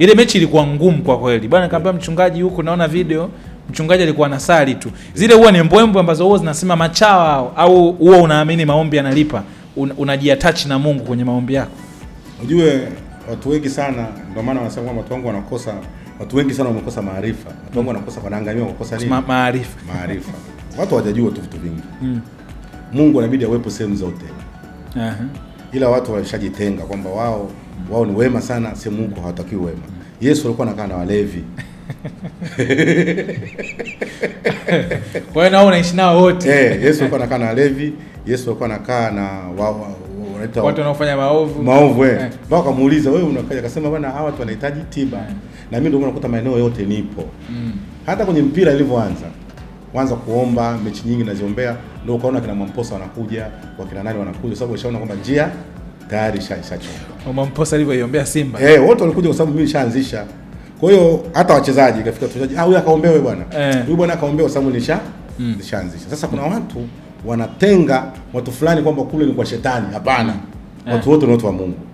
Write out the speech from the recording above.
Ile mechi ilikuwa ngumu kwa kweli bwana, nikamwambia mchungaji, huku naona video mchungaji alikuwa na sali tu. Zile huwa ni mbwembwe ambazo huwa zinasema machawa, au huwa unaamini maombi yanalipa, unajiattach una na Mungu kwenye maombi yako. Ujue watu wengi sana, ndio maana wanasema kwamba watu wangu wanakosa, watu wengi sana wamekosa maarifa, watu wangu wanakosa, wanaangamia kukosa nini? Maarifa, maarifa. Watu hawajajua tu vitu vingi mm. Mungu anabidi awepo sehemu zote Aha. uh -huh ila watu walishajitenga kwamba wao wao ni wema sana, sehemu huko hawatakiwi wema. Yesu alikuwa anakaa na walevi kwa hiyo nao unaishi nao wote eh. Yesu alikuwa anakaa na walevi, Yesu alikuwa anakaa na wao wanaita watu wanaofanya maovu maovu eh, eh. mpaka akamuuliza wewe unakaja, akasema bwana, hawa watu wanahitaji tiba, eh. na mimi ndio nakuta maeneo yote nipo, mm. hata kwenye mpira ilivyoanza kwanza kuomba mechi nyingi naziombea, ndio ukaona kina Mwamposa wanakuja, wakina nani wanakuja, sababu ishaona kwamba njia tayari ishachomwa. Mwamposa alivyoiombea Simba eh, wote walikuja kwa sababu mimi nishaanzisha. Kwa hiyo hata wachezaji ikafika wachezaji, ah, huyu akaombewe bwana, eh. huyu bwana akaombewa sababu nisha mm. nishaanzisha. Sasa kuna watu wanatenga watu fulani kwamba kule ni kwa shetani. Hapana, eh. watu wote ni watu wa Mungu.